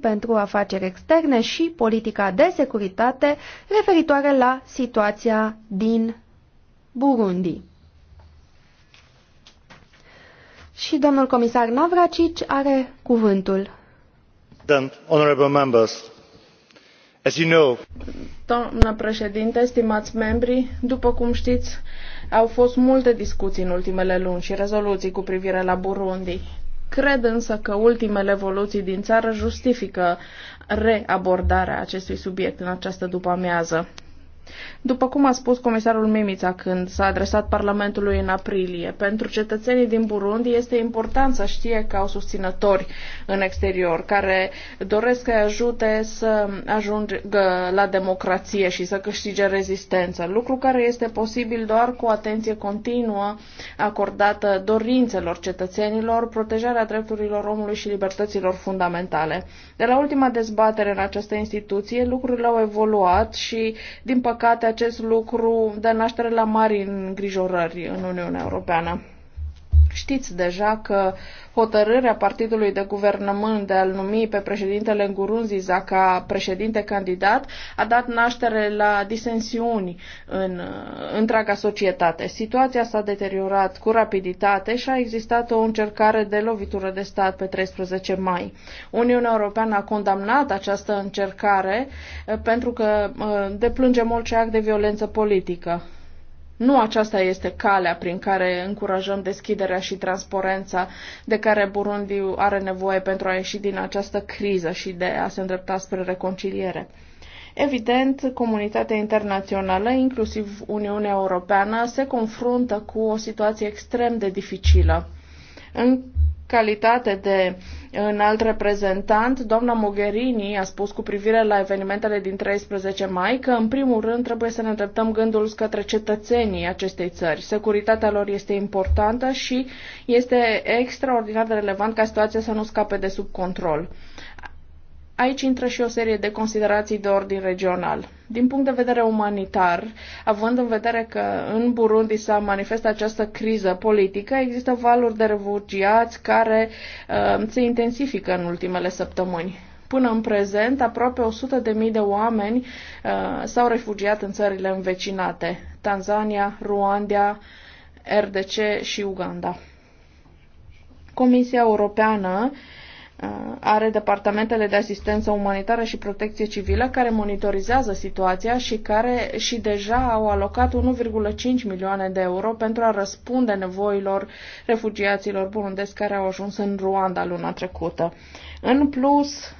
pentru afaceri externe și politica de securitate referitoare la situația din Burundi. Și domnul comisar Navracici are cuvântul. Doamna președinte, stimați membri, după cum știți, au fost multe discuții în ultimele luni și rezoluții cu privire la Burundi. Cred însă că ultimele evoluții din țară justifică reabordarea acestui subiect în această după-amiază. După cum a spus comisarul Mimița când s-a adresat Parlamentului în aprilie, pentru cetățenii din Burundi este important să știe că au susținători în exterior care doresc să ajute să ajungă la democrație și să câștige rezistență, lucru care este posibil doar cu atenție continuă acordată dorințelor cetățenilor, protejarea drepturilor omului și libertăților fundamentale. De la ultima dezbatere în această instituție, lucrurile au evoluat și, din păcate, păcate, acest lucru dă naștere la mari îngrijorări în Uniunea Europeană. Știți deja că hotărârea partidului de guvernământ de a-l numi pe președintele Ngurunziza ca președinte candidat a dat naștere la disensiuni în uh, întreaga societate. Situația s-a deteriorat cu rapiditate și a existat o încercare de lovitură de stat pe 13 mai. Uniunea Europeană a condamnat această încercare uh, pentru că uh, mult ce act de violență politică. Nu aceasta este calea prin care încurajăm deschiderea și transparența de care Burundi are nevoie pentru a ieși din această criză și de a se îndrepta spre reconciliere. Evident, comunitatea internațională, inclusiv Uniunea Europeană, se confruntă cu o situație extrem de dificilă. În calitate de în alt reprezentant, doamna Mogherini a spus cu privire la evenimentele din 13 mai că, în primul rând, trebuie să ne îndreptăm gândul către cetățenii acestei țări. Securitatea lor este importantă și este extraordinar de relevant ca situația să nu scape de sub control. Aici intră și o serie de considerații de ordin regional. Din punct de vedere umanitar, având în vedere că în Burundi s-a manifestat această criză politică, există valuri de refugiați care uh, se intensifică în ultimele săptămâni. Până în prezent, aproape 100.000 de, de oameni uh, s-au refugiat în țările învecinate, Tanzania, Ruanda, RDC și Uganda. Comisia Europeană uh, Uh, are departamentele de asistență umanitară și protecție civilă care monitorizează situația și care și deja au alocat 1,5 milioane de euro pentru a răspunde nevoilor refugiaților burundesc care au ajuns în Ruanda luna trecută. În plus,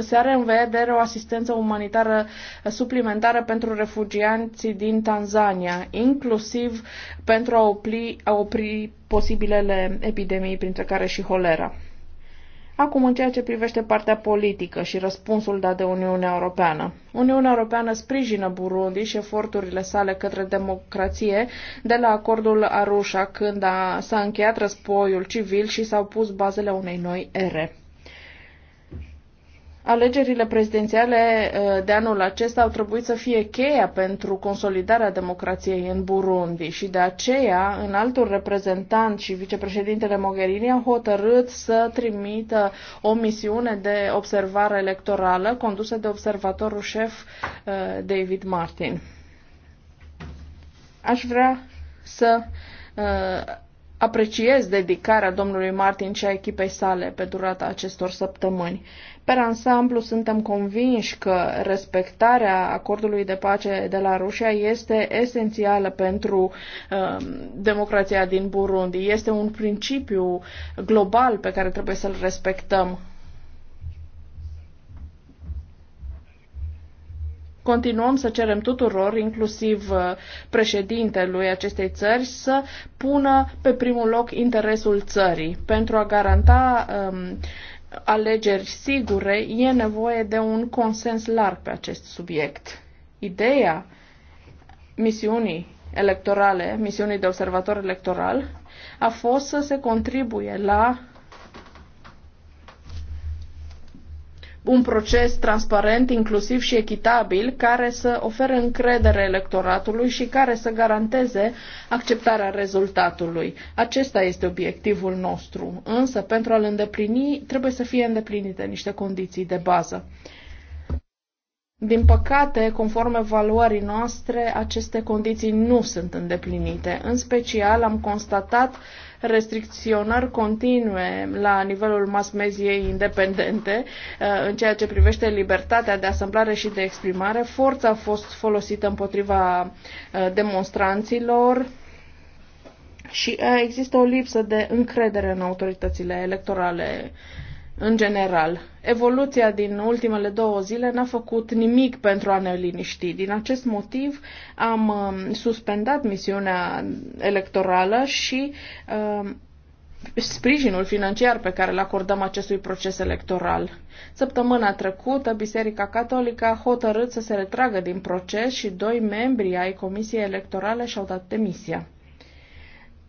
se are în vedere o asistență umanitară suplimentară pentru refugianții din Tanzania, inclusiv pentru a opri, a opri posibilele epidemii, printre care și holera. Acum, în ceea ce privește partea politică și răspunsul dat de Uniunea Europeană. Uniunea Europeană sprijină Burundi și eforturile sale către democrație de la acordul Arusha, când a, s-a încheiat războiul civil și s-au pus bazele unei noi ere. Alegerile prezidențiale uh, de anul acesta au trebuit să fie cheia pentru consolidarea democrației în Burundi și de aceea în altul reprezentant și vicepreședintele Mogherini au hotărât să trimită o misiune de observare electorală condusă de observatorul șef uh, David Martin. Aș vrea să uh, apreciez dedicarea domnului Martin și a echipei sale pe durata acestor săptămâni. Per ansamblu, suntem convinși că respectarea acordului de pace de la Rusia este esențială pentru uh, democrația din Burundi. Este un principiu global pe care trebuie să-l respectăm. continuăm să cerem tuturor, inclusiv uh, președintelui acestei țări, să pună pe primul loc interesul țării pentru a garanta um, alegeri sigure, e nevoie de un consens larg pe acest subiect. Ideea misiunii electorale, misiunii de observator electoral, a fost să se contribuie la un proces transparent, inclusiv și echitabil, care să ofere încredere electoratului și care să garanteze acceptarea rezultatului. Acesta este obiectivul nostru, însă pentru a-l îndeplini trebuie să fie îndeplinite niște condiții de bază. Din păcate, conform evaluării noastre, aceste condiții nu sunt îndeplinite. În special, am constatat uh, restricționări continue la nivelul mass mediei independente uh, în ceea ce privește libertatea de asamblare și de exprimare. Forța a fost folosită împotriva uh, demonstranților și uh, există o lipsă de încredere în autoritățile electorale în general. Evoluția din ultimele două zile n-a făcut nimic pentru a ne liniști. Din acest motiv am um, suspendat misiunea electorală și uh, sprijinul financiar pe care îl acordăm acestui proces electoral. Săptămâna trecută, Biserica Catolică a hotărât să se retragă din proces și doi membri ai Comisiei Electorale și-au dat demisia.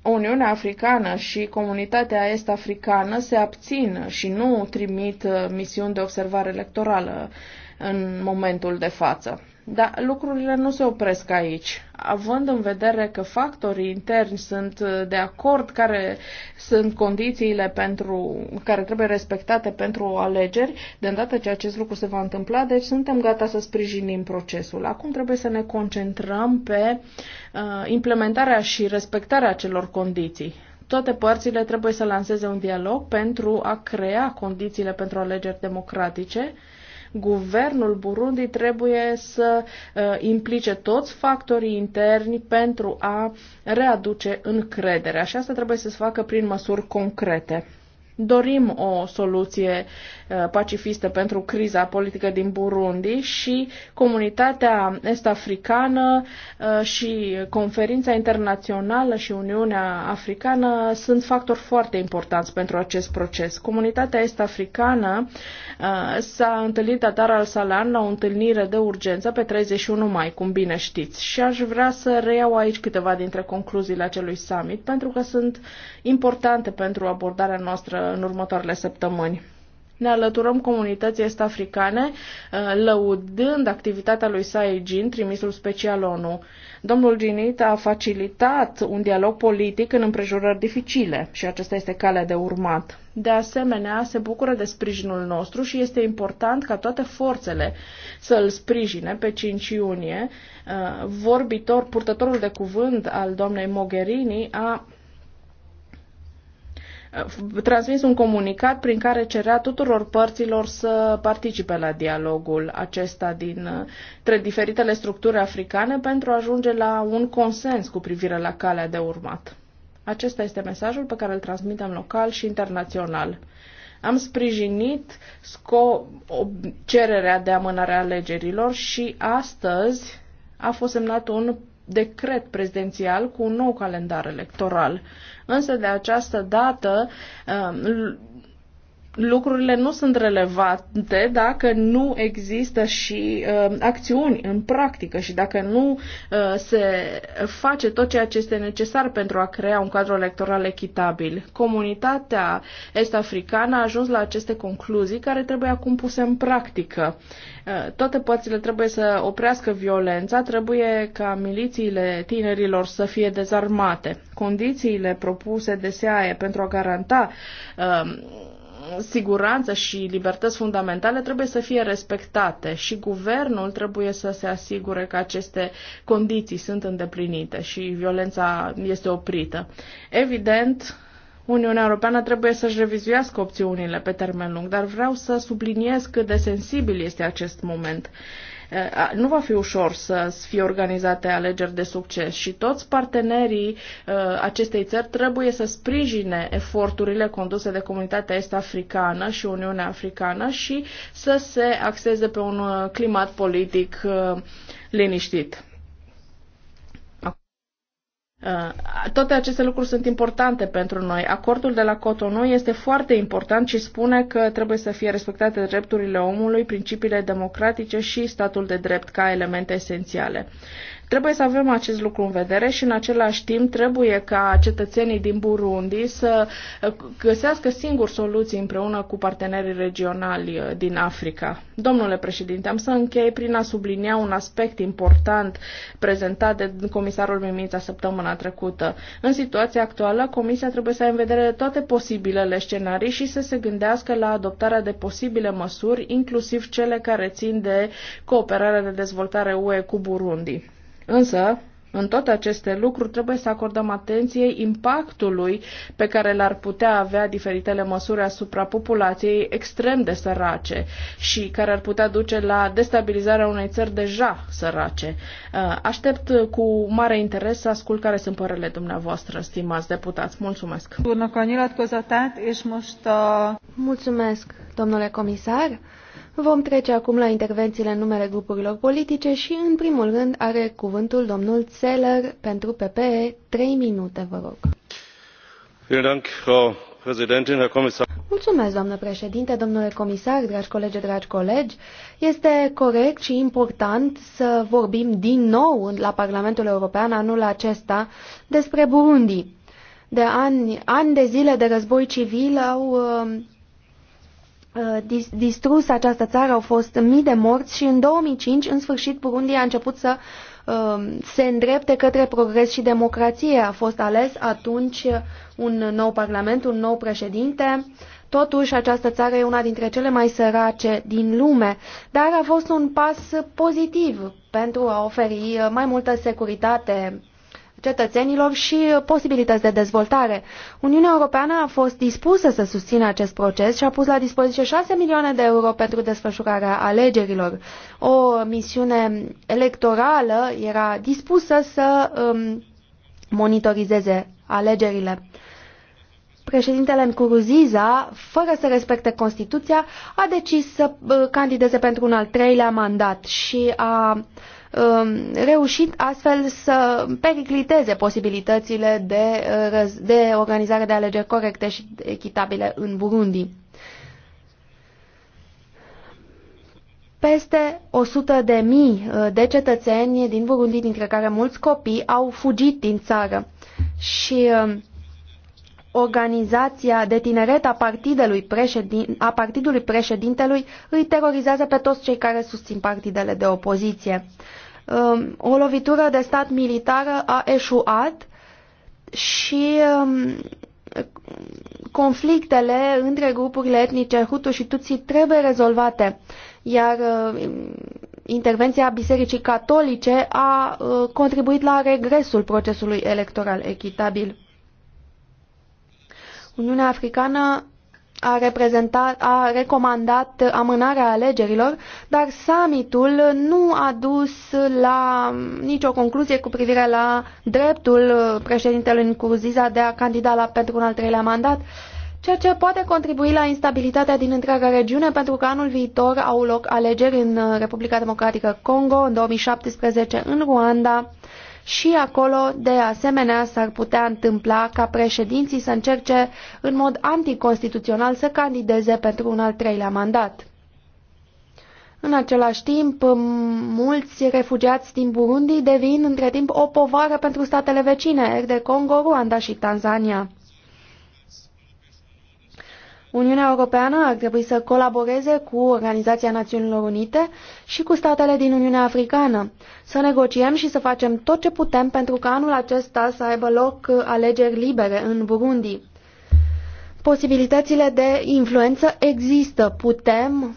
Uniunea Africană și comunitatea est-africană se abțin și nu trimit uh, misiuni de observare electorală în momentul de față. Dar lucrurile nu se opresc aici. Având în vedere că factorii interni sunt uh, de acord care sunt condițiile pentru, care trebuie respectate pentru alegeri, de îndată ce acest lucru se va întâmpla, deci suntem gata să sprijinim procesul. Acum trebuie să ne concentrăm pe uh, implementarea și respectarea acelor condiții toate părțile trebuie să lanseze un dialog pentru a crea condițiile pentru alegeri democratice Guvernul Burundi trebuie să uh, implice toți factorii interni pentru a readuce încrederea și asta trebuie să se facă prin măsuri concrete dorim o soluție uh, pacifistă pentru criza politică din Burundi și comunitatea est-africană uh, și conferința internațională și Uniunea Africană sunt factori foarte importanți pentru acest proces. Comunitatea est-africană uh, s-a întâlnit la Dar al-Salan la o întâlnire de urgență pe 31 mai, cum bine știți, și aș vrea să reiau aici câteva dintre concluziile acelui summit, pentru că sunt importante pentru abordarea noastră în următoarele săptămâni. Ne alăturăm comunității est-africane, uh, lăudând activitatea lui Sae Jin, trimisul special ONU. Domnul Ginit a facilitat un dialog politic în împrejurări dificile și acesta este calea de urmat. De asemenea, se bucură de sprijinul nostru și este important ca toate forțele să îl sprijine pe 5 iunie. Uh, vorbitor, purtătorul de cuvânt al doamnei Mogherini a Eh, transmis un comunicat prin care cerea tuturor părților să participe la dialogul acesta dintre eh, diferitele structuri africane pentru a ajunge la un consens cu privire la calea de urmat. Acesta este mesajul pe care îl transmitem local și internațional. Am sprijinit sco- cererea de amânare a alegerilor și astăzi a fost semnat un decret prezidențial cu un nou calendar electoral. Însă de această dată um, lucrurile nu sunt relevante dacă nu există și uh, acțiuni în practică și dacă nu uh, se face tot ceea ce este necesar pentru a crea un cadru electoral echitabil. Comunitatea est-africană a ajuns la aceste concluzii care trebuie acum puse în practică. Uh, toate părțile trebuie să oprească violența, trebuie ca milițiile tinerilor să fie dezarmate. Condițiile propuse de SEAE pentru a garanta uh, siguranță și libertăți fundamentale trebuie să fie respectate și guvernul trebuie să se asigure că aceste condiții sunt îndeplinite și violența este oprită. Evident, Uniunea Europeană trebuie să-și revizuiască opțiunile pe termen lung, dar vreau să subliniez cât de sensibil este acest moment. Eh, nu va fi ușor să fie organizate alegeri de succes și toți partenerii eh, acestei țări trebuie să sprijine eforturile conduse de comunitatea est-africană și Uniunea Africană și să se axeze pe un eh, climat politic liniștit. Uh, toate aceste lucruri sunt importante pentru noi. Acordul de la Cotonou este foarte important și spune că trebuie să fie respectate drepturile omului, principiile democratice și statul de drept ca elemente esențiale. Trebuie să avem acest lucru în vedere și în același timp trebuie ca cetățenii din Burundi să uh, găsească singur soluții împreună cu partenerii regionali uh, din Africa. Domnule președinte, am să închei prin a sublinia un aspect important prezentat de comisarul Mimița săptămâna trecută. În situația actuală, Comisia trebuie să ai în vedere toate posibilele scenarii și să se gândească la adoptarea de posibile măsuri, inclusiv cele care țin de cooperarea de dezvoltare UE cu Burundi. Însă, în toate aceste lucruri trebuie să acordăm atenție impactului pe care l-ar putea avea diferitele măsuri asupra populației extrem de sărace și care ar putea duce la destabilizarea unei țări deja sărace. Uh, aștept cu mare interes să ascult care sunt părerile dumneavoastră, stimați deputați. Mulțumesc! Uh, Mulțumesc, domnule comisar! Vom trece acum la intervențiile în numele grupurilor politice și, în primul rând, are cuvântul domnul Zeller pentru PPE. Trei minute, vă rog. Mulțumesc, doamnă președinte, domnule comisar, dragi colegi, dragi colegi. Este corect și important să vorbim din nou la Parlamentul European anul acesta despre Burundi. De ani, ani de zile de război civil au uh, Uh, distrus această țară, au fost mii de morți și în 2005, în sfârșit, Burundi a început să uh, se îndrepte către progres și democrație. A fost ales atunci un nou parlament, un nou președinte. Totuși, această țară e una dintre cele mai sărace din lume, dar a fost un pas pozitiv pentru a oferi mai multă securitate cetățenilor și posibilități de dezvoltare. Uniunea Europeană a fost dispusă să susțină acest proces și a pus la dispoziție 6 milioane de euro pentru desfășurarea alegerilor. O misiune electorală era dispusă să um, monitorizeze alegerile. Președintele Ncuruziza, fără să respecte Constituția, a decis să candideze pentru un al treilea mandat și a um, reușit astfel să pericliteze posibilitățile de, uh, de organizare de alegeri corecte și echitabile în Burundi. Peste 100 de mii uh, de cetățeni din Burundi, dintre care mulți copii, au fugit din țară. Și uh, organizația de tineret a, partidului președin, a partidului președintelui îi terorizează pe toți cei care susțin partidele de opoziție. Um, o lovitură de stat militară a eșuat și um, conflictele între grupurile etnice Hutu și Tutsi trebuie rezolvate, iar um, intervenția Bisericii Catolice a uh, contribuit la regresul procesului electoral echitabil. Uniunea Africană a, reprezentat, a recomandat amânarea alegerilor, dar summitul nu a dus la nicio concluzie cu privire la dreptul președintelui Nkurziza de a candida la, pentru un al treilea mandat, ceea ce poate contribui la instabilitatea din întreaga regiune pentru că anul viitor au loc alegeri în Republica Democratică Congo, în 2017 în Ruanda și acolo, de asemenea, s-ar putea întâmpla ca președinții să încerce în mod anticonstituțional să candideze pentru un al treilea mandat. În același timp, mulți refugiați din Burundi devin între timp o povară pentru statele vecine, de Congo, Rwanda și Tanzania. Uniunea Europeană ar trebui să colaboreze cu Organizația Națiunilor Unite și cu statele din Uniunea Africană, să negociem și să facem tot ce putem pentru ca anul acesta să aibă loc alegeri libere în Burundi. Posibilitățile de influență există. Putem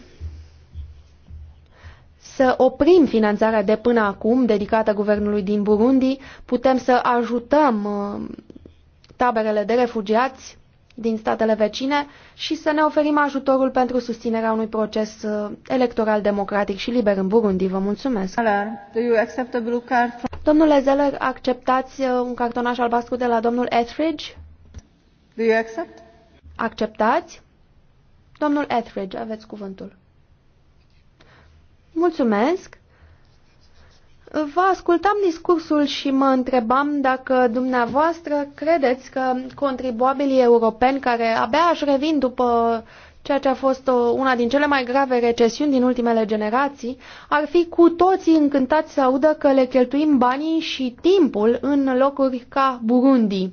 să oprim finanțarea de până acum dedicată guvernului din Burundi, putem să ajutăm uh, taberele de refugiați din statele vecine și să ne oferim ajutorul pentru susținerea unui proces uh, electoral democratic și liber în Burundi. Vă mulțumesc. Domnule Zeller, acceptați uh, un cartonaș albastru de la domnul Etheridge? Do you accept? Acceptați? Domnul Etheridge, aveți cuvântul. Mulțumesc. Vă ascultam discursul și mă întrebam dacă dumneavoastră credeți că contribuabilii europeni care abia aș revin după ceea ce a fost o, una din cele mai grave recesiuni din ultimele generații, ar fi cu toții încântați să audă că le cheltuim banii și timpul în locuri ca Burundi,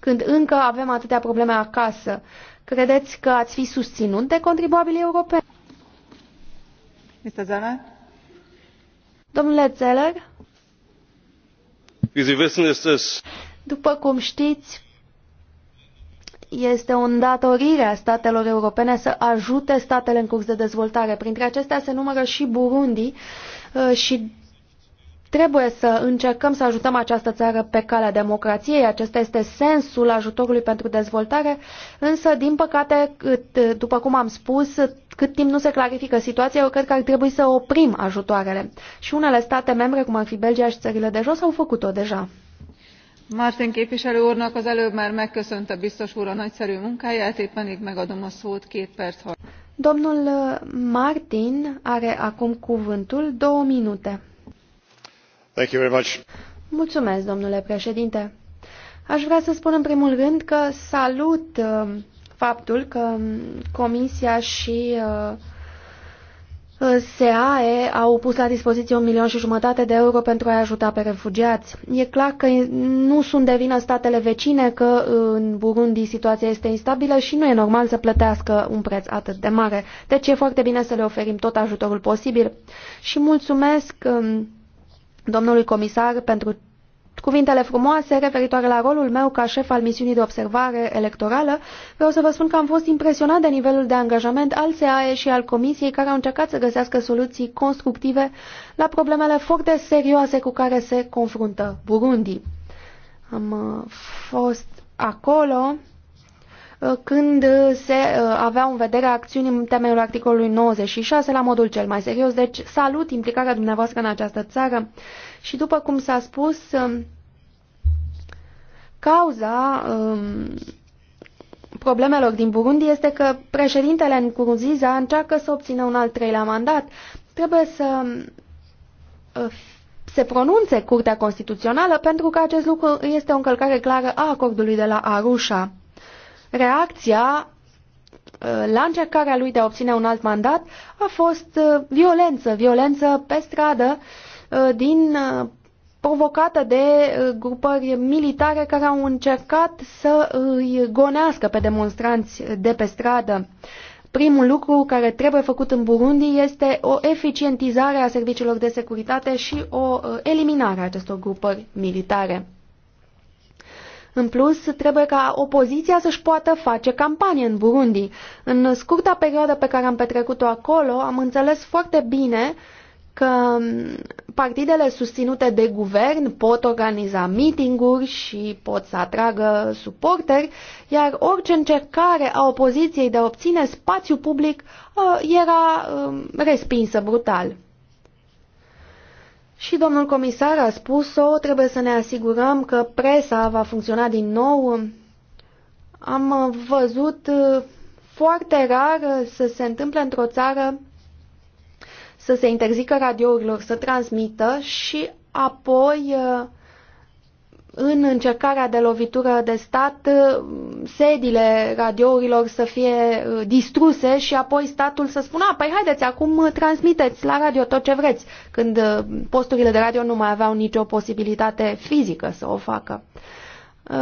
când încă avem atâtea probleme acasă. Credeți că ați fi susținut de contribuabilii europeni? Mr. Zana? Domnule Zeller? După cum știți, este o îndatorire a statelor europene să ajute statele în curs de dezvoltare. Printre acestea se numără și Burundi uh, și Trebuie să încercăm să ajutăm această țară pe calea democrației, acesta este sensul ajutorului pentru dezvoltare, însă, din păcate, după cum am spus, cât timp nu se clarifică situația, eu cred că ar trebui să oprim ajutoarele. Și unele state membre, cum ar fi Belgia și țările de jos, au făcut-o deja. Martin képviselő úrnak az előbb már megköszönte biztos úr a nagyszerű munkáját, épp pedig megadom a szót két perc. Domnul Martin are acum cuvântul două minute. Mulțumesc, domnule președinte. Aș vrea să spun în primul rând că salut uh, faptul că um, Comisia și uh, SAE au pus la dispoziție un milion și jumătate de euro pentru a ajuta pe refugiați. E clar că nu sunt de vină statele vecine că uh, în Burundi situația este instabilă și nu e normal să plătească un preț atât de mare. Deci e foarte bine să le oferim tot ajutorul posibil și mulțumesc um, domnului comisar pentru cuvintele frumoase referitoare la rolul meu ca șef al misiunii de observare electorală, vreau să vă spun că am fost impresionat de nivelul de angajament al SAE și al Comisiei care au încercat să găsească soluții constructive la problemele foarte serioase cu care se confruntă Burundi. Am uh, fost acolo Uh, când uh, se uh, aveau în vedere acțiuni în temeiul articolului 96 la modul cel mai serios. Deci salut implicarea dumneavoastră în această țară și după cum s-a spus, cauza um, problemelor din Burundi este că președintele Nkurunziza încearcă să obțină un al treilea mandat. Trebuie să se pronunțe Curtea Constituțională pentru că acest lucru este o încălcare clară a acordului de la Arusha. Reacția uh, la încercarea lui de a obține un alt mandat a fost uh, violență, violență pe stradă uh, din provocată de grupări militare care au încercat să îi gonească pe demonstranți de pe stradă. Primul lucru care trebuie făcut în Burundi este o eficientizare a serviciilor de securitate și o eliminare a acestor grupări militare. În plus, trebuie ca opoziția să-și poată face campanie în Burundi. În scurta perioadă pe care am petrecut-o acolo, am înțeles foarte bine că mm, partidele susținute de guvern pot organiza mitinguri și pot să atragă suporteri, iar orice încercare a opoziției de a obține spațiu public uh, era mm, respinsă brutal. Și domnul comisar a spus-o, trebuie să ne asigurăm că presa va funcționa din nou. Am văzut uh, foarte rar uh, să se întâmple într-o țară să se interzică radiourilor să transmită și apoi uh, în încercarea de lovitură de stat uh, sediile radiourilor să fie uh, distruse și apoi statul să spună, păi haideți, acum uh, transmiteți la radio tot ce vreți, când posturile de radio nu mai aveau nicio posibilitate fizică să o facă.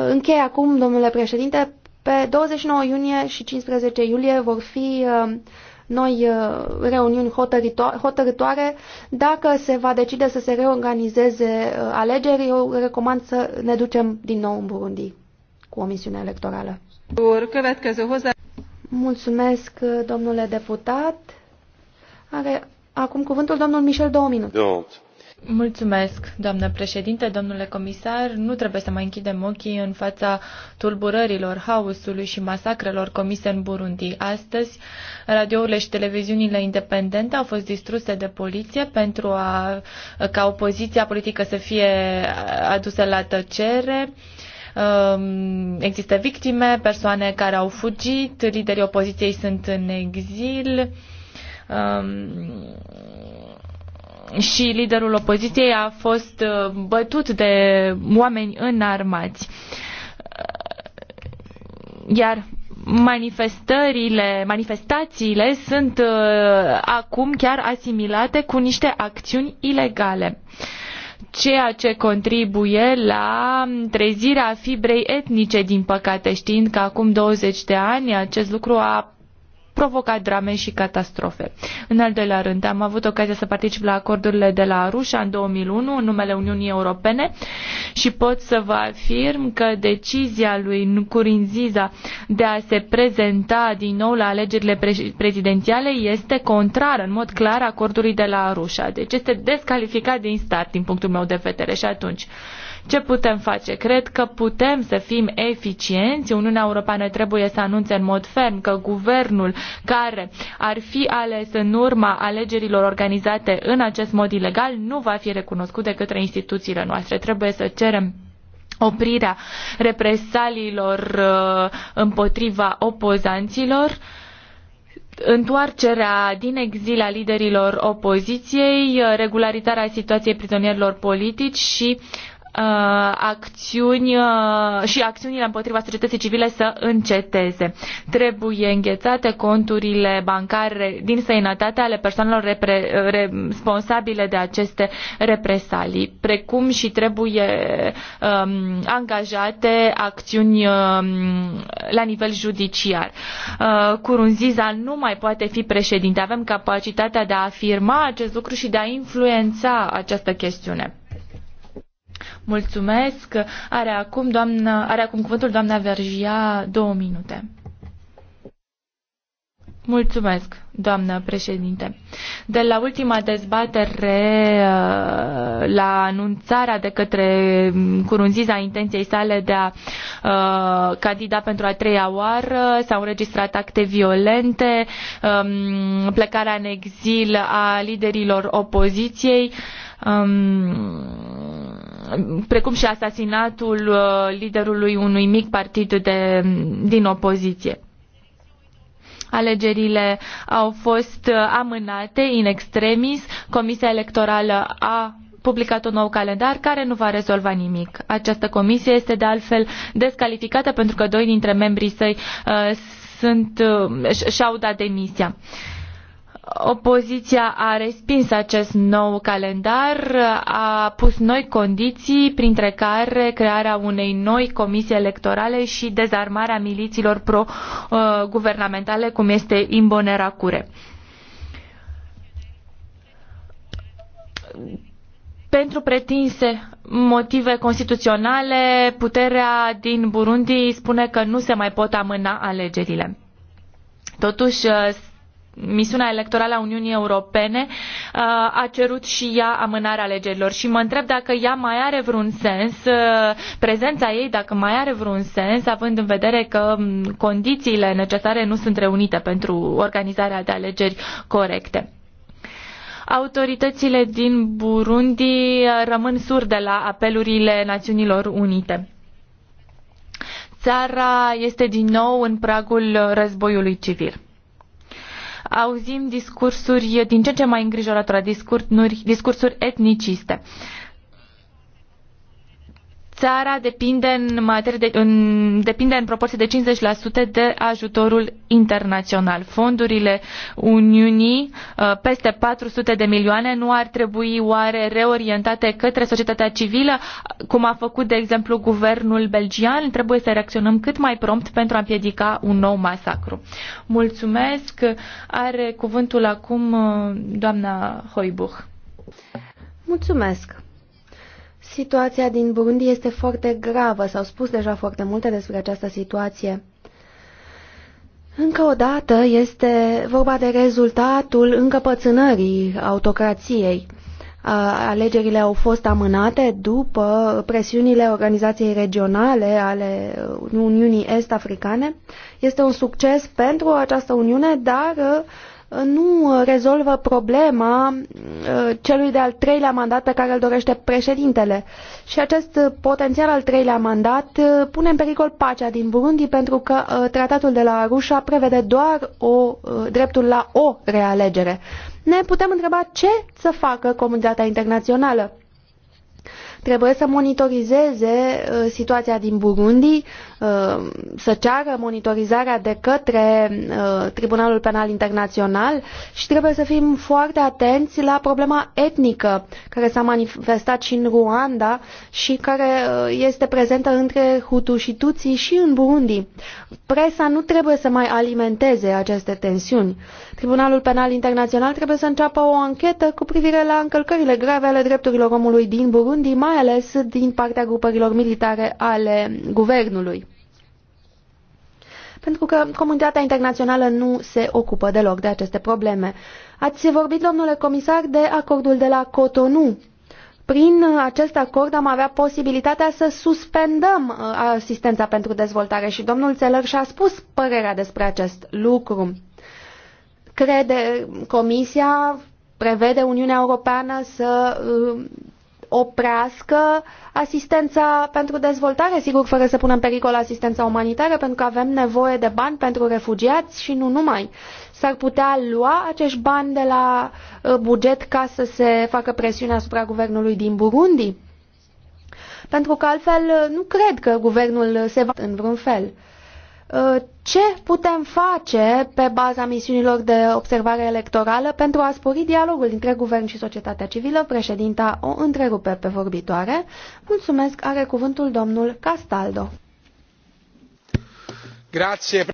Închei acum, domnule președinte, pe 29 iunie și 15 iulie vor fi noi uh, reuniuni hotărătoare. Dacă se va decide să se reorganizeze uh, alegeri, eu recomand să ne ducem din nou în Burundi cu o misiune electorală. Mulțumesc, uh, domnule deputat. Are acum cuvântul domnul Michel două minute. Mulțumesc, doamnă președinte, domnule comisar. Nu trebuie să mai închidem ochii în fața tulburărilor, haosului și masacrelor comise în Burundi. Astăzi, radiourile și televiziunile independente au fost distruse de poliție pentru a, ca opoziția politică să fie adusă la tăcere um, există victime, persoane care au fugit, liderii opoziției sunt în exil. Um, și liderul opoziției a fost uh, bătut de oameni înarmați. Uh, iar manifestările, manifestațiile sunt uh, acum chiar asimilate cu niște acțiuni ilegale ceea ce contribuie la trezirea fibrei etnice, din păcate, știind că acum 20 de ani acest lucru a provoca drame și catastrofe. În al doilea rând, am avut ocazia să particip la acordurile de la Arusha în 2001 în numele Uniunii Europene și pot să vă afirm că decizia lui Nkurinziza de a se prezenta din nou la alegerile prezidențiale este contrară în mod clar acordului de la Arusha. Deci este descalificat din start din punctul meu de vedere și atunci ce putem face? Cred că putem să fim eficienți. Uniunea Europeană trebuie să anunțe în mod ferm că guvernul care ar fi ales în urma alegerilor organizate în acest mod ilegal nu va fi recunoscut de către instituțiile noastre. Trebuie să cerem oprirea represaliilor uh, împotriva opozanților întoarcerea din exil a liderilor opoziției, uh, regularizarea situației prizonierilor politici și Uh, acțiuni uh, și acțiunile împotriva societății civile să înceteze. Trebuie înghețate conturile bancare din sănătate ale persoanelor repre, uh, responsabile de aceste represalii, precum și trebuie um, angajate acțiuni um, la nivel judiciar. Uh, Curunziza nu mai poate fi președinte. Avem capacitatea de a afirma acest lucru și de a influența această chestiune. Mulțumesc. Are acum, doamna, are acum cuvântul doamna Vergia două minute. Mulțumesc, doamnă președinte. De la ultima dezbatere, uh, la anunțarea de către Curunziza intenției sale de a uh, candida pentru a treia oară, s-au înregistrat acte violente, um, plecarea în exil a liderilor opoziției. Um, precum și asasinatul uh, liderului unui mic partid de, din opoziție. Alegerile au fost uh, amânate in extremis, Comisia Electorală a publicat un nou calendar care nu va rezolva nimic. Această comisie este de altfel descalificată pentru că doi dintre membrii săi uh, sunt, uh, și-au dat demisia. Uh, Opoziția a respins acest nou calendar, a pus noi condiții, printre care crearea unei noi comisii electorale și dezarmarea milițiilor pro-guvernamentale, cum este Imbonerakure. pentru pretinse motive constituționale, puterea din Burundi spune că nu se mai pot amâna alegerile. Totuși, misiunea electorală a Uniunii Europene uh, a cerut și ea amânarea alegerilor și mă întreb dacă ea mai are vreun sens, uh, prezența ei dacă mai are vreun sens, având în vedere că mm, condițiile necesare nu sunt reunite pentru organizarea de alegeri corecte. Autoritățile din Burundi uh, rămân surde la apelurile Națiunilor Unite. Țara este din nou în pragul războiului civil auzim discursuri din ce în ce mai îngrijorătoare, discursuri, etniciste țara depinde în, materie de, în, depinde în proporție de 50% de ajutorul internațional. Fondurile Uniunii, uh, peste 400 de milioane, nu ar trebui oare reorientate către societatea civilă, cum a făcut, de exemplu, guvernul belgian? Trebuie să reacționăm cât mai prompt pentru a împiedica un nou masacru. Mulțumesc. Are cuvântul acum uh, doamna Hoibuch. Mulțumesc. Situația din Burundi este foarte gravă, s-au spus deja foarte multe despre această situație. Încă o dată este vorba de rezultatul încăpățânării autocrației. Alegerile au fost amânate după presiunile organizației regionale ale Uniunii Est-Africane. Este un succes pentru această Uniune, dar nu rezolvă problema uh, celui de-al treilea mandat pe care îl dorește președintele. Și acest potențial al treilea mandat uh, pune în pericol pacea din Burundi pentru că uh, tratatul de la Arusha prevede doar o, dreptul la o realegere. Ne putem întreba ce să facă comunitatea internațională trebuie să monitorizeze situația din Burundi, Uh, să ceară monitorizarea de către uh, Tribunalul Penal Internațional și trebuie să fim foarte atenți la problema etnică care s-a manifestat și în Ruanda și care uh, este prezentă între Hutu și Tutsi și în Burundi. Presa nu trebuie să mai alimenteze aceste tensiuni. Tribunalul Penal Internațional trebuie să înceapă o anchetă cu privire la încălcările grave ale drepturilor omului din Burundi, mai ales din partea grupărilor militare ale guvernului pentru că comunitatea internațională nu se ocupă deloc de aceste probleme. Ați vorbit, domnule comisar, de acordul de la Cotonou. Prin acest acord am avea posibilitatea să suspendăm uh, asistența pentru dezvoltare și domnul Țelăr și-a spus părerea despre acest lucru. Crede Comisia, prevede Uniunea Europeană să uh, oprească asistența pentru dezvoltare, sigur, fără să pună în pericol asistența umanitară, pentru că avem nevoie de bani pentru refugiați și nu numai. S-ar putea lua acești bani de la uh, buget ca să se facă presiune asupra guvernului din Burundi? Pentru că altfel uh, nu cred că guvernul se va în vreun fel. Uh, ce putem face pe baza misiunilor de observare electorală pentru a spori dialogul dintre guvern și societatea civilă? Președinta o întrerupe pe vorbitoare. Mulțumesc, are cuvântul domnul Castaldo. Grazie.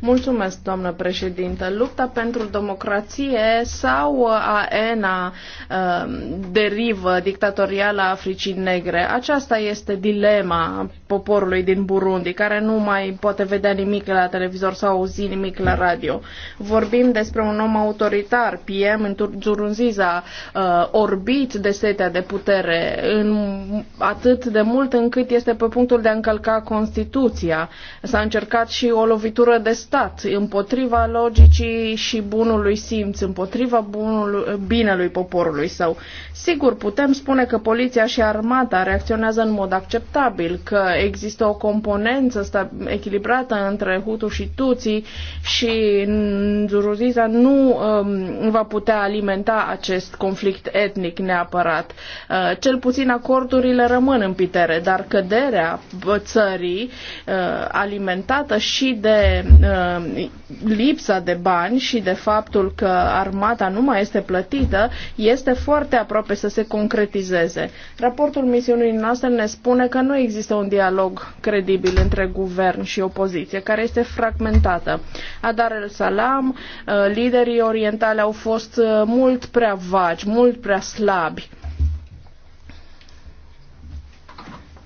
Mulțumesc, doamnă președintă. Lupta pentru democrație sau a ENA uh, derivă dictatorială a Africii Negre? Aceasta este dilema poporului din Burundi, care nu mai poate vedea nimic la televizor sau auzi nimic la radio. Vorbim despre un om autoritar, PM în Zurunziza, uh, orbit de setea de putere, în, atât de mult încât este pe punctul de a încălca Constituția. S-a încercat și o lovitură de stat împotriva logicii și bunului simț, împotriva bunului, binelui poporului său. Sigur, putem spune că poliția și armata reacționează în mod acceptabil, că există o componență echilibrată între Hutu și Tutsi și Zuruziza nu um, va putea alimenta acest conflict etnic neapărat. Uh, cel puțin acordurile rămân în pitere, dar căderea țării uh, alimentată și de uh, lipsa de bani și de faptul că armata nu mai este plătită este foarte aproape să se concretizeze. Raportul misiunii noastre ne spune că nu există un dialog dialog credibil între guvern și opoziție, care este fragmentată. Adar el Salam, uh, liderii orientali au fost uh, mult prea vagi, mult prea slabi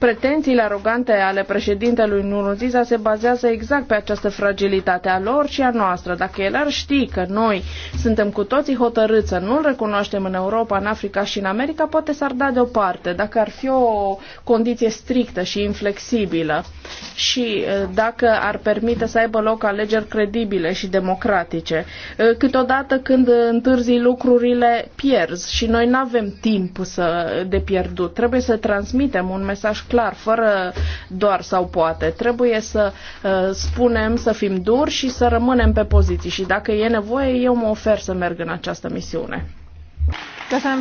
Pretențiile arogante ale președintelui Nurunziza se bazează exact pe această fragilitate a lor și a noastră. Dacă el ar ști că noi suntem cu toții hotărâți să nu-l recunoaștem în Europa, în Africa și în America, poate s-ar da deoparte, dacă ar fi o condiție strictă și inflexibilă și dacă ar permite să aibă loc alegeri credibile și democratice. Câteodată când întârzi lucrurile, pierzi și noi nu avem timp să de pierdut. Trebuie să transmitem un mesaj clar, fără doar sau poate. Trebuie să uh, spunem, să fim duri și să rămânem pe poziții. Și dacă e nevoie, eu mă ofer să merg în această misiune. Uh,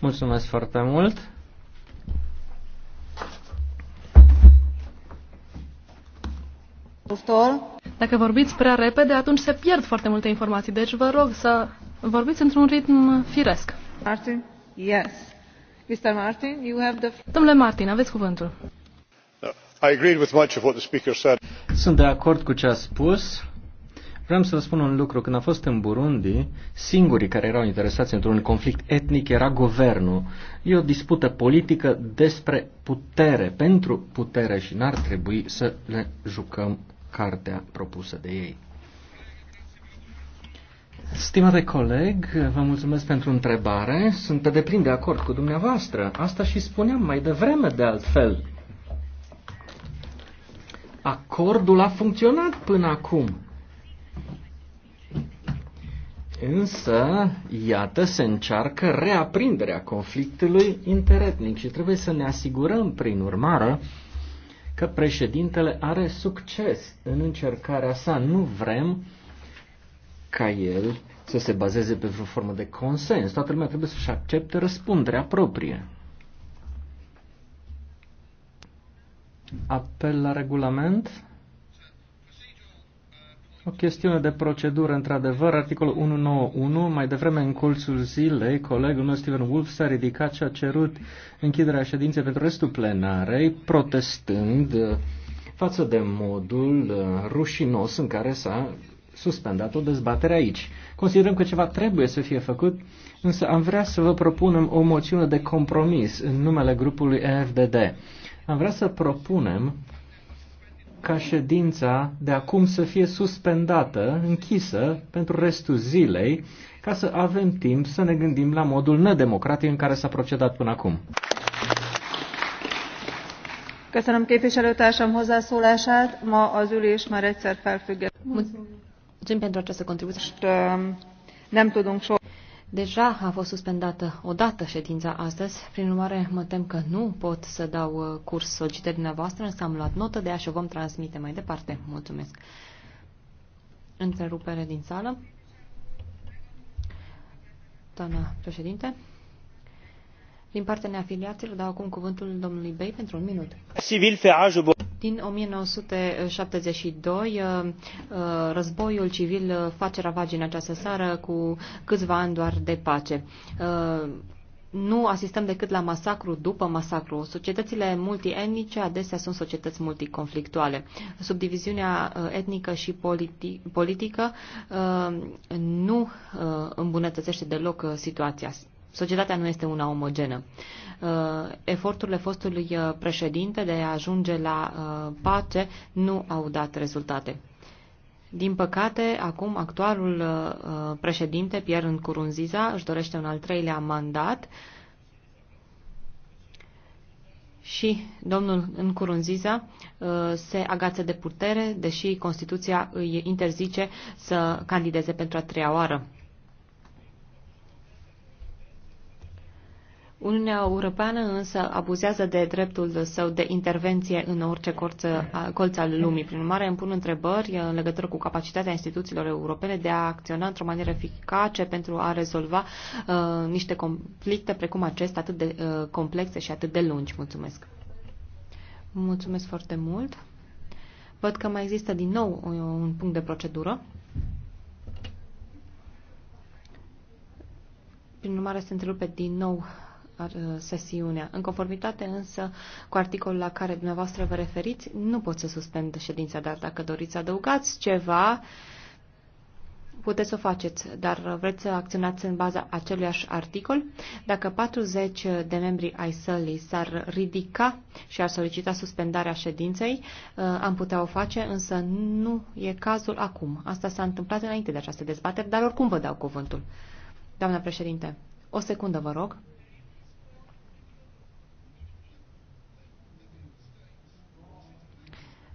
Mulțumesc foarte mult. Dacă vorbiți prea repede, atunci se pierd foarte multe informații. Deci vă rog să vorbiți într-un ritm firesc. Martin? Yes. Domnule Martin, aveți cuvântul. Sunt de acord cu ce a spus. Vreau să vă spun un lucru. Când a fost în Burundi, singurii care erau interesați într-un conflict etnic era guvernul. E o dispută politică despre putere, pentru putere și n-ar trebui să le jucăm cartea propusă de ei. Stimate coleg, vă mulțumesc pentru întrebare. Sunt pe deplin de acord cu dumneavoastră. Asta și spuneam mai devreme de altfel. Acordul a funcționat până acum. Însă, iată, se încearcă reaprinderea conflictului interetnic și trebuie să ne asigurăm, prin urmare, că președintele are succes în încercarea sa. Nu vrem ca el să se bazeze pe vreo formă de consens. Toată lumea trebuie să-și accepte răspunderea proprie. Apel la regulament? O chestiune de procedură, într-adevăr, articolul 191, mai devreme în cursul zilei, colegul meu Steven Wolf s-a ridicat și a cerut închiderea ședinței pentru restul plenarei, protestând uh, față de modul uh, rușinos în care s-a suspendat o dezbatere aici. Considerăm că ceva trebuie să fie făcut, însă am vrea să vă propunem o moțiune de compromis în numele grupului EFDD. Am vrea să propunem ca ședința de acum să fie suspendată, închisă pentru restul zilei, ca să avem timp să ne gândim la modul nedemocratic în care s-a procedat până acum. Köszönöm képviselőtársam hozzászólását. Ma az ülés már egyszer felfüggesztett. Mulțumim pentru această contribuție. Um, ne-am Deja a fost suspendată odată ședința astăzi, prin urmare mă tem că nu pot să dau uh, curs solicitării dumneavoastră, însă am luat notă de așa și o vom transmite mai departe. Mulțumesc. Întrerupere din sală. Doamna președinte. Din partea neafiliaților dau acum cuvântul domnului Bey pentru un minut. Civil, feajul... Din 1972, uh, uh, războiul civil uh, face ravagii în această țară cu câțiva ani doar de pace nu asistăm decât la masacru după masacru. Societățile multietnice adesea sunt societăți multiconflictuale. Subdiviziunea etnică și politi- politică nu îmbunătățește deloc situația societatea nu este una omogenă. Uh, eforturile fostului uh, președinte de a ajunge la uh, pace nu au dat rezultate. Din păcate, acum actualul președinte, Pierre Nkurunziza, își dorește un al treilea mandat și domnul Nkurunziza se agață de putere, deși Constituția îi interzice să candideze pentru a treia oară. Uniunea Europeană însă abuzează de dreptul său de intervenție în orice colț, colț al lumii. Prin urmare, îmi pun întrebări în legătură cu capacitatea instituțiilor europene de a acționa într-o manieră eficace pentru a rezolva uh, niște conflicte precum acest, atât de uh, complexe și atât de lungi. Mulțumesc! Mulțumesc foarte mult! Văd că mai există din nou un punct de procedură. Prin urmare, se întrerupe din nou Uh, sesiunea. În conformitate însă cu articolul la care dumneavoastră vă referiți, nu pot să suspend ședința, dar dacă doriți să adăugați ceva, puteți să o faceți, dar vreți să acționați în baza aceluiași articol. Dacă 40 de membri ai sălii s-ar ridica și ar solicita suspendarea ședinței, uh, am putea o face, însă nu e cazul acum. Asta s-a întâmplat înainte de această dezbatere, dar oricum vă dau cuvântul. Doamna președinte, o secundă vă rog.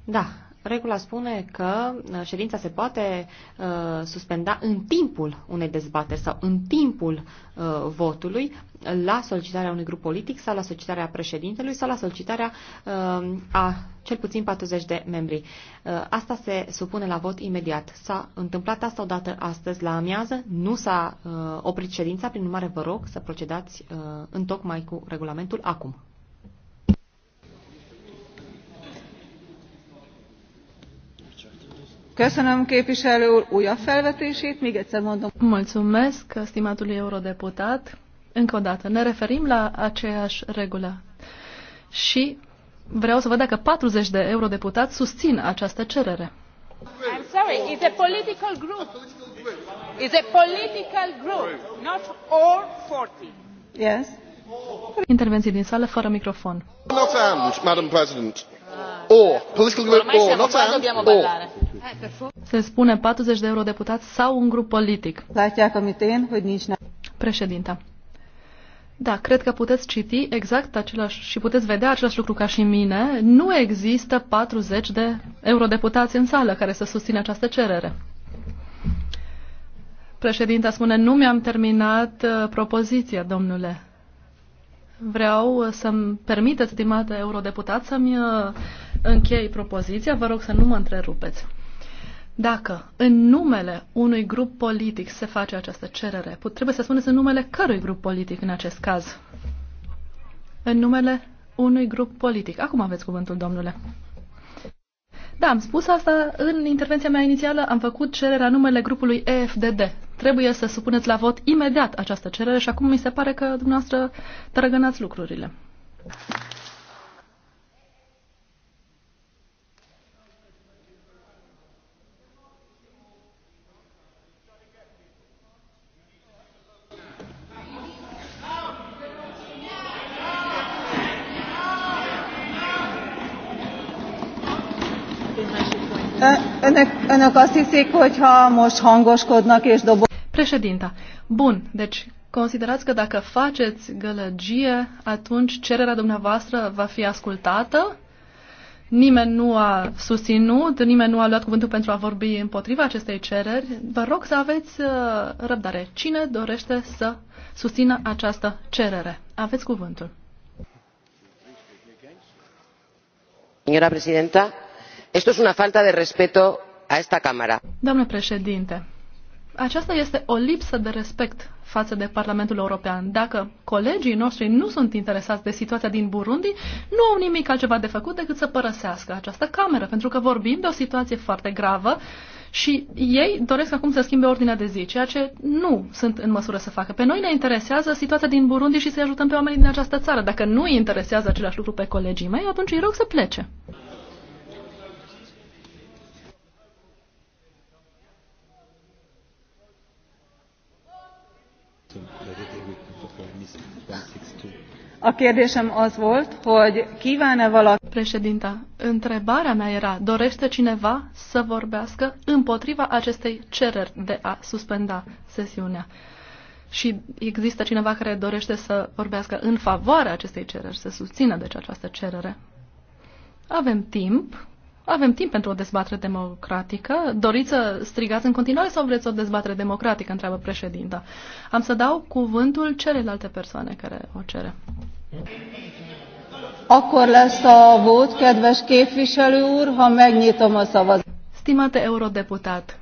Da, regula spune că uh, ședința se poate uh, suspenda în timpul unei dezbateri sau în timpul uh, votului la solicitarea unui grup politic sau la solicitarea președintelui sau la solicitarea uh, a cel puțin 40 de membri. Uh, asta se supune la vot imediat. S-a întâmplat asta odată astăzi la amiază, nu s-a uh, oprit ședința, prin urmare vă rog să procedați întocmai cu regulamentul acum. Mulțumesc, stimatului eurodeputat. Încă o dată, ne referim la aceeași regulă. Și vreau să văd dacă 40 de eurodeputați susțin această cerere. I'm sorry, it's a political group. It's a political group, not all 40. Yes. Intervenții din sală fără microfon. Not and, Madam President. Or, political group, or, not and, or. Se spune 40 de eurodeputați sau un grup politic. Președinta. Da, cred că puteți citi exact același și puteți vedea același lucru ca și mine. Nu există 40 de eurodeputați în sală care să susțină această cerere. Președinta spune, nu mi-am terminat uh, propoziția, domnule. Vreau uh, să-mi permiteți, stimate eurodeputat, să-mi uh, închei propoziția. Vă rog să nu mă întrerupeți. Dacă în numele unui grup politic se face această cerere, trebuie să spuneți în numele cărui grup politic în acest caz? În numele unui grup politic. Acum aveți cuvântul, domnule. Da, am spus asta în intervenția mea inițială. Am făcut cererea numele grupului EFDD. Trebuie să supuneți la vot imediat această cerere și acum mi se pare că dumneavoastră tărăgănați lucrurile. Önök, önök azt hiszik, most hangoskodnak és Președinta, bun, deci considerați că dacă faceți gălăgie, atunci cererea dumneavoastră va fi ascultată? Nimeni nu a susținut, nimeni nu a luat cuvântul pentru a vorbi împotriva acestei cereri. Vă rog să aveți uh, răbdare. Cine dorește să susțină această cerere? Aveți cuvântul. Señora presidenta, esto es una falta de respeto a esta cámara. doamnă președinte aceasta este o lipsă de respect față de Parlamentul European. Dacă colegii noștri nu sunt interesați de situația din Burundi, nu au nimic altceva de făcut decât să părăsească această cameră, pentru că vorbim de o situație foarte gravă și ei doresc acum să schimbe ordinea de zi, ceea ce nu sunt în măsură să facă. Pe noi ne interesează situația din Burundi și să-i ajutăm pe oamenii din această țară. Dacă nu îi interesează același lucru pe colegii mei, atunci îi rog să plece. A kérdésem az volt, hogy kíván-e valaki... Președinta, întrebarea mea era, dorește cineva să vorbească împotriva acestei cereri de a suspenda sesiunea? Și există cineva care dorește să vorbească în favoarea acestei cereri, să susțină deci această cerere? Avem timp avem timp pentru o dezbatere democratică. Doriți să strigați în continuare sau vreți o dezbatere democratică, întreabă președinta. Am să dau cuvântul celelalte persoane care o cere. Akkor lesz a vót, kedves képviselő úr, ha megnyitom a szavazást. Stimate eurodeputat,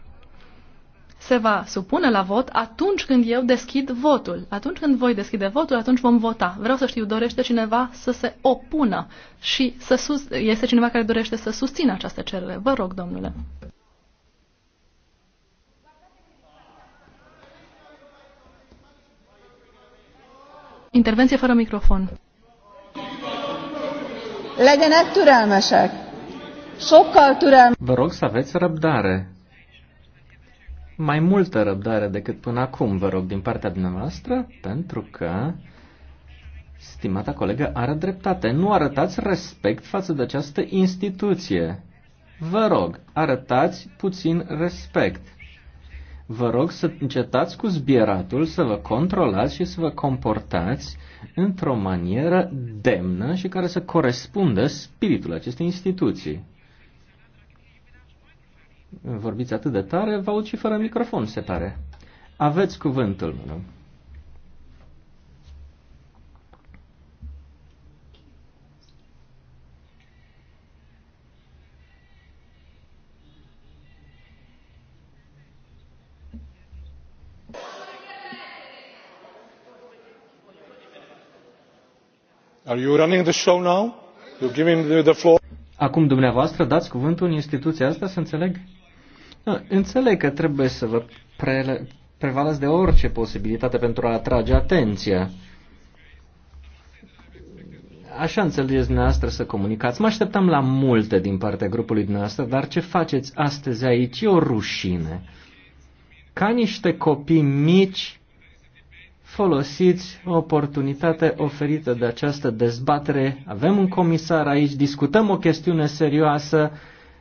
se va supune la vot atunci când eu deschid votul. Atunci când voi deschide votul, atunci vom vota. Vreau să știu, dorește cineva să se opună și să sus- este cineva care dorește să susțină această cerere. Vă rog, domnule. Intervenție fără microfon. Legyen türelmesek. Sokkal türelmesek. Vă rog să aveți răbdare mai multă răbdare decât până acum, vă rog, din partea dumneavoastră, pentru că stimata colegă are dreptate. Nu arătați respect față de această instituție. Vă rog, arătați puțin respect. Vă rog să încetați cu zbieratul, să vă controlați și să vă comportați într-o manieră demnă și care să corespundă spiritul acestei instituții vorbiți atât de tare, vă aud și fără microfon, se pare. Aveți cuvântul, nu? Are you running the show now? You him the floor? Acum dumneavoastră dați cuvântul în instituția asta, să înțeleg? Da, înțeleg că trebuie să vă pre- prevalați de orice posibilitate pentru a atrage atenția. Așa înțelegeți dumneavoastră să comunicați. Mă așteptam la multe din partea grupului dumneavoastră, dar ce faceți astăzi aici e o rușine. Ca niște copii mici folosiți o oportunitate oferită de această dezbatere. Avem un comisar aici, discutăm o chestiune serioasă,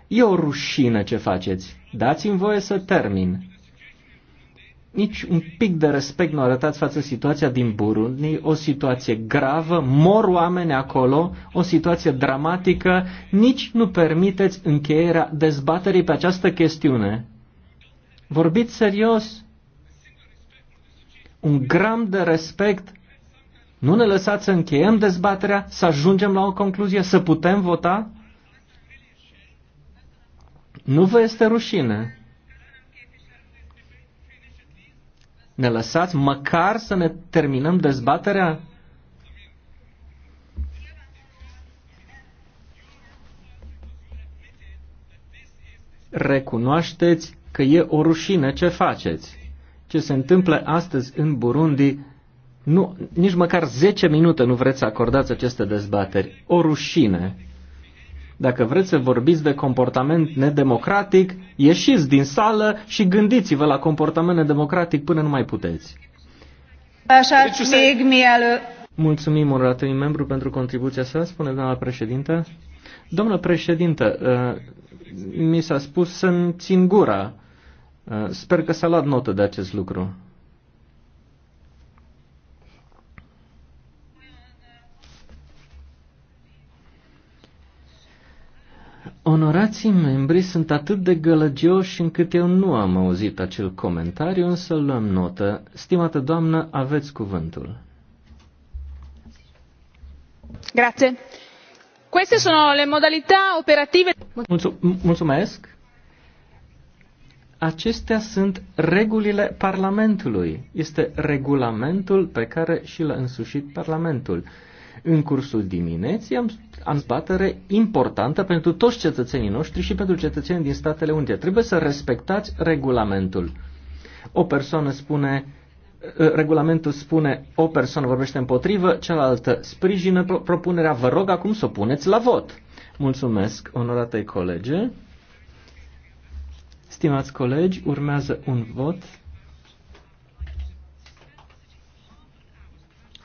E o rușină ce faceți. Dați-mi voie să termin. Nici un pic de respect nu arătați față situația din Burundi, o situație gravă, mor oameni acolo, o situație dramatică, nici nu permiteți încheierea dezbaterii pe această chestiune. Vorbiți serios? Un gram de respect? Nu ne lăsați să încheiem dezbaterea, să ajungem la o concluzie, să putem vota? Nu vă este rușine. Ne lăsați măcar să ne terminăm dezbaterea? Recunoașteți că e o rușine ce faceți. Ce se întâmplă astăzi în Burundi, nu, nici măcar 10 minute nu vreți să acordați aceste dezbateri. O rușine. Dacă vreți să vorbiți de comportament nedemocratic, ieșiți din sală și gândiți-vă la comportament nedemocratic până nu mai puteți. Așa, deci, Mulțumim oratului membru pentru contribuția sa, spune doamna președinte. Domnule uh, președinte, mi s-a spus să-mi țin gura. Uh, sper că s-a luat notă de acest lucru. Onorații membri sunt atât de gălăgioși încât eu nu am auzit acel comentariu, însă luăm notă. Stimată doamnă, aveți cuvântul. Grazie. Queste sono le modalità operative. Mulțumesc. Acestea sunt regulile Parlamentului. Este regulamentul pe care și l-a însușit Parlamentul. În cursul dimineții am, am zbatere importantă pentru toți cetățenii noștri și pentru cetățenii din Statele Unite. Trebuie să respectați regulamentul. O persoană spune, eh, regulamentul spune, o persoană vorbește împotrivă, cealaltă sprijină propunerea, vă rog acum să o puneți la vot. Mulțumesc, onoratei colege. Stimați colegi, urmează un vot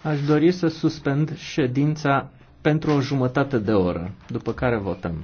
Aș dori să suspend ședința pentru o jumătate de oră, după care votăm.